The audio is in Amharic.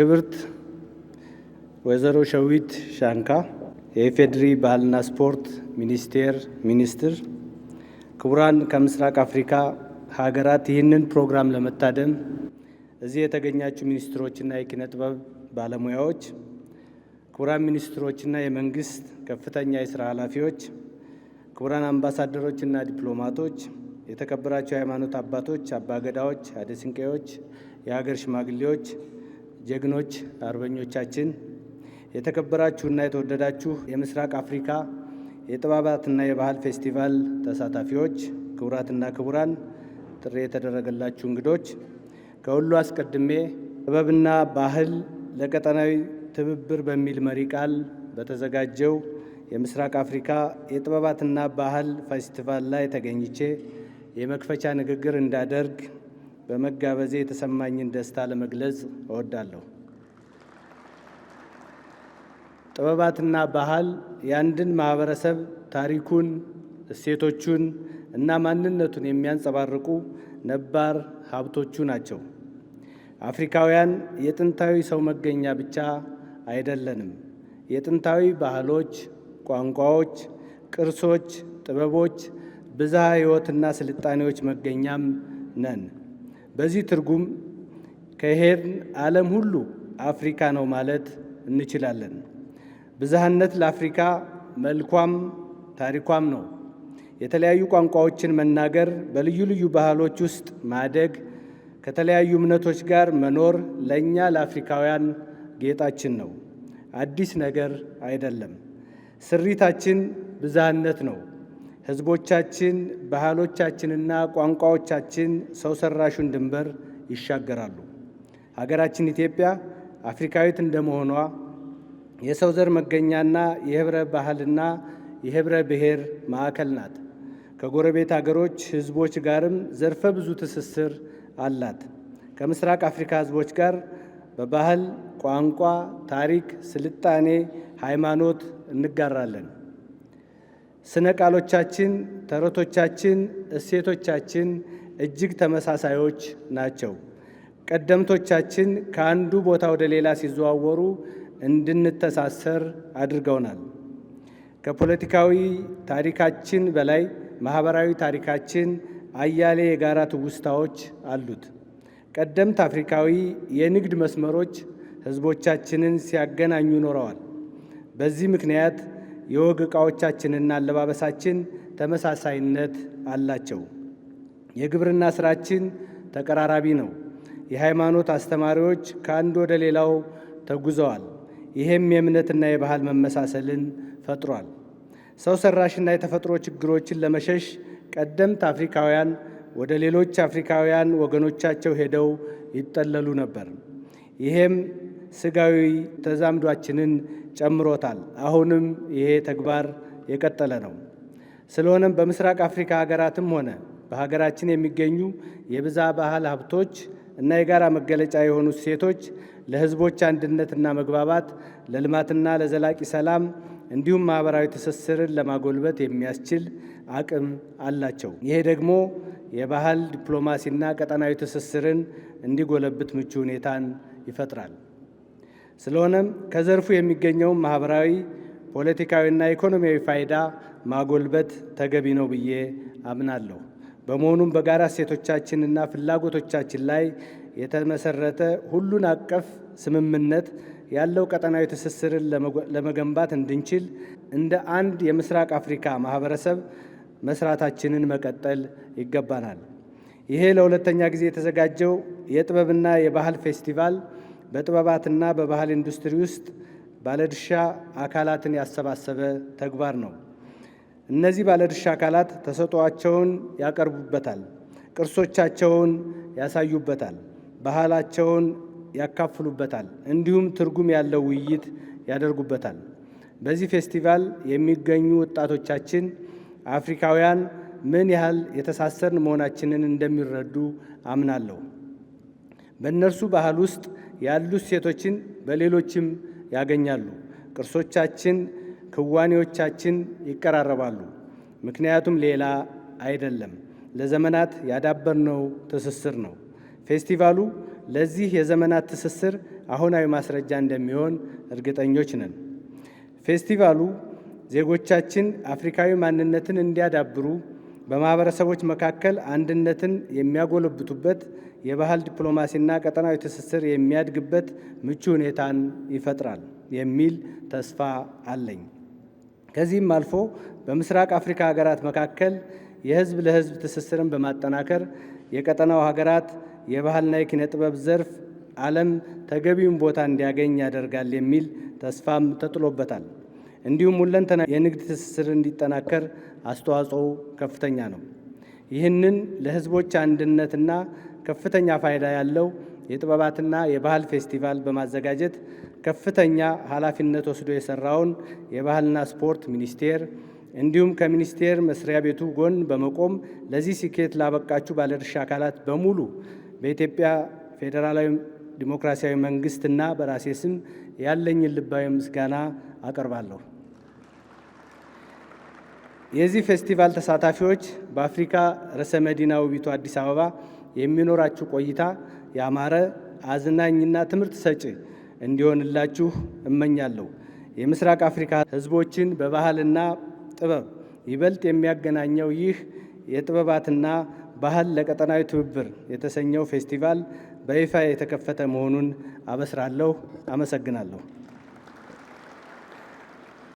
ክብርት ወይዘሮ ሸዊት ሻንካ የኢፌዴሪ ባህልና ስፖርት ሚኒስቴር ሚኒስትር፣ ክቡራን ከምስራቅ አፍሪካ ሀገራት ይህንን ፕሮግራም ለመታደም እዚህ የተገኛችሁ ሚኒስትሮችና የኪነ ጥበብ ባለሙያዎች፣ ክቡራን ሚኒስትሮችና የመንግስት ከፍተኛ የስራ ኃላፊዎች፣ ክቡራን አምባሳደሮችና ዲፕሎማቶች፣ የተከበራቸው የሃይማኖት አባቶች፣ አባገዳዎች፣ አደስንቄዎች፣ የሀገር ሽማግሌዎች ጀግኖች አርበኞቻችን፣ የተከበራችሁና የተወደዳችሁ የምስራቅ አፍሪካ የጥበባትና የባህል ፌስቲቫል ተሳታፊዎች፣ ክቡራትና ክቡራን፣ ጥሪ የተደረገላችሁ እንግዶች፣ ከሁሉ አስቀድሜ ጥበብና ባህል ለቀጠናዊ ትብብር በሚል መሪ ቃል በተዘጋጀው የምስራቅ አፍሪካ የጥበባትና ባህል ፌስቲቫል ላይ ተገኝቼ የመክፈቻ ንግግር እንዳደርግ በመጋበዜ የተሰማኝን ደስታ ለመግለጽ እወዳለሁ። ጥበባትና ባህል የአንድን ማህበረሰብ ታሪኩን፣ እሴቶቹን እና ማንነቱን የሚያንጸባርቁ ነባር ሀብቶቹ ናቸው። አፍሪካውያን የጥንታዊ ሰው መገኛ ብቻ አይደለንም። የጥንታዊ ባህሎች፣ ቋንቋዎች፣ ቅርሶች፣ ጥበቦች፣ ብዝሃ ሕይወትና ስልጣኔዎች መገኛም ነን። በዚህ ትርጉም ከሄድን ዓለም ሁሉ አፍሪካ ነው ማለት እንችላለን። ብዝሃነት ለአፍሪካ መልኳም ታሪኳም ነው። የተለያዩ ቋንቋዎችን መናገር፣ በልዩ ልዩ ባህሎች ውስጥ ማደግ፣ ከተለያዩ እምነቶች ጋር መኖር ለእኛ ለአፍሪካውያን ጌጣችን ነው። አዲስ ነገር አይደለም። ስሪታችን ብዝሃነት ነው። ህዝቦቻችን ባህሎቻችንና ቋንቋዎቻችን ሰው ሰራሹን ድንበር ይሻገራሉ። ሀገራችን ኢትዮጵያ አፍሪካዊት እንደመሆኗ የሰው ዘር መገኛና የህብረ ባህልና የህብረ ብሔር ማዕከል ናት። ከጎረቤት አገሮች ህዝቦች ጋርም ዘርፈ ብዙ ትስስር አላት። ከምስራቅ አፍሪካ ህዝቦች ጋር በባህል ቋንቋ፣ ታሪክ፣ ስልጣኔ፣ ሃይማኖት እንጋራለን። ስነ ቃሎቻችን፣ ተረቶቻችን፣ እሴቶቻችን እጅግ ተመሳሳዮች ናቸው። ቀደምቶቻችን ከአንዱ ቦታ ወደ ሌላ ሲዘዋወሩ እንድንተሳሰር አድርገውናል። ከፖለቲካዊ ታሪካችን በላይ ማህበራዊ ታሪካችን አያሌ የጋራ ትውስታዎች አሉት። ቀደምት አፍሪካዊ የንግድ መስመሮች ህዝቦቻችንን ሲያገናኙ ኖረዋል። በዚህ ምክንያት የወግ ዕቃዎቻችንና አለባበሳችን ተመሳሳይነት አላቸው። የግብርና ስራችን ተቀራራቢ ነው። የሃይማኖት አስተማሪዎች ከአንድ ወደ ሌላው ተጉዘዋል። ይህም የእምነትና የባህል መመሳሰልን ፈጥሯል። ሰው ሰራሽና የተፈጥሮ ችግሮችን ለመሸሽ ቀደምት አፍሪካውያን ወደ ሌሎች አፍሪካውያን ወገኖቻቸው ሄደው ይጠለሉ ነበር። ይህም ስጋዊ ተዛምዷችንን ጨምሮታል። አሁንም ይሄ ተግባር የቀጠለ ነው። ስለሆነም በምስራቅ አፍሪካ ሀገራትም ሆነ በሀገራችን የሚገኙ የብዛ ባህል ሀብቶች እና የጋራ መገለጫ የሆኑ ሴቶች ለህዝቦች አንድነትና መግባባት ለልማትና ለዘላቂ ሰላም እንዲሁም ማህበራዊ ትስስርን ለማጎልበት የሚያስችል አቅም አላቸው። ይሄ ደግሞ የባህል ዲፕሎማሲና ቀጠናዊ ትስስርን እንዲጎለብት ምቹ ሁኔታን ይፈጥራል። ስለሆነም ከዘርፉ የሚገኘውን ማህበራዊ፣ ፖለቲካዊና ኢኮኖሚያዊ ፋይዳ ማጎልበት ተገቢ ነው ብዬ አምናለሁ። በመሆኑም በጋራ እሴቶቻችንና ፍላጎቶቻችን ላይ የተመሰረተ ሁሉን አቀፍ ስምምነት ያለው ቀጠናዊ ትስስርን ለመገንባት እንድንችል እንደ አንድ የምስራቅ አፍሪካ ማህበረሰብ መስራታችንን መቀጠል ይገባናል። ይሄ ለሁለተኛ ጊዜ የተዘጋጀው የጥበብና የባህል ፌስቲቫል በጥበባትና በባህል ኢንዱስትሪ ውስጥ ባለድርሻ አካላትን ያሰባሰበ ተግባር ነው። እነዚህ ባለድርሻ አካላት ተሰጧቸውን ያቀርቡበታል፣ ቅርሶቻቸውን ያሳዩበታል፣ ባህላቸውን ያካፍሉበታል፣ እንዲሁም ትርጉም ያለው ውይይት ያደርጉበታል። በዚህ ፌስቲቫል የሚገኙ ወጣቶቻችን አፍሪካውያን ምን ያህል የተሳሰርን መሆናችንን እንደሚረዱ አምናለሁ። በእነርሱ ባህል ውስጥ ያሉ ሴቶችን በሌሎችም ያገኛሉ። ቅርሶቻችን፣ ክዋኔዎቻችን ይቀራረባሉ። ምክንያቱም ሌላ አይደለም፣ ለዘመናት ያዳበርነው ትስስር ነው። ፌስቲቫሉ ለዚህ የዘመናት ትስስር አሁናዊ ማስረጃ እንደሚሆን እርግጠኞች ነን። ፌስቲቫሉ ዜጎቻችን አፍሪካዊ ማንነትን እንዲያዳብሩ በማህበረሰቦች መካከል አንድነትን የሚያጎለብቱበት የባህል ዲፕሎማሲና ቀጠናዊ ትስስር የሚያድግበት ምቹ ሁኔታን ይፈጥራል የሚል ተስፋ አለኝ። ከዚህም አልፎ በምስራቅ አፍሪካ ሀገራት መካከል የህዝብ ለህዝብ ትስስርን በማጠናከር የቀጠናው ሀገራት የባህልና የኪነ ጥበብ ዘርፍ ዓለም ተገቢውን ቦታ እንዲያገኝ ያደርጋል የሚል ተስፋም ተጥሎበታል። እንዲሁም ሁለንተና የንግድ ትስስር እንዲጠናከር አስተዋጽኦ ከፍተኛ ነው። ይህንን ለህዝቦች አንድነትና ከፍተኛ ፋይዳ ያለው የጥበባትና የባህል ፌስቲቫል በማዘጋጀት ከፍተኛ ኃላፊነት ወስዶ የሰራውን የባህልና ስፖርት ሚኒስቴር እንዲሁም ከሚኒስቴር መስሪያ ቤቱ ጎን በመቆም ለዚህ ስኬት ላበቃችሁ ባለድርሻ አካላት በሙሉ በኢትዮጵያ ፌዴራላዊ ዲሞክራሲያዊ መንግስትና በራሴ ስም ያለኝን ልባዊ ምስጋና አቀርባለሁ። የዚህ ፌስቲቫል ተሳታፊዎች በአፍሪካ ርዕሰ መዲና ውቢቱ አዲስ አበባ የሚኖራችሁ ቆይታ ያማረ አዝናኝና ትምህርት ሰጪ እንዲሆንላችሁ እመኛለሁ። የምስራቅ አፍሪካ ሕዝቦችን በባህልና ጥበብ ይበልጥ የሚያገናኘው ይህ የጥበባትና ባህል ለቀጠናዊ ትብብር የተሰኘው ፌስቲቫል በይፋ የተከፈተ መሆኑን አበስራለሁ። አመሰግናለሁ።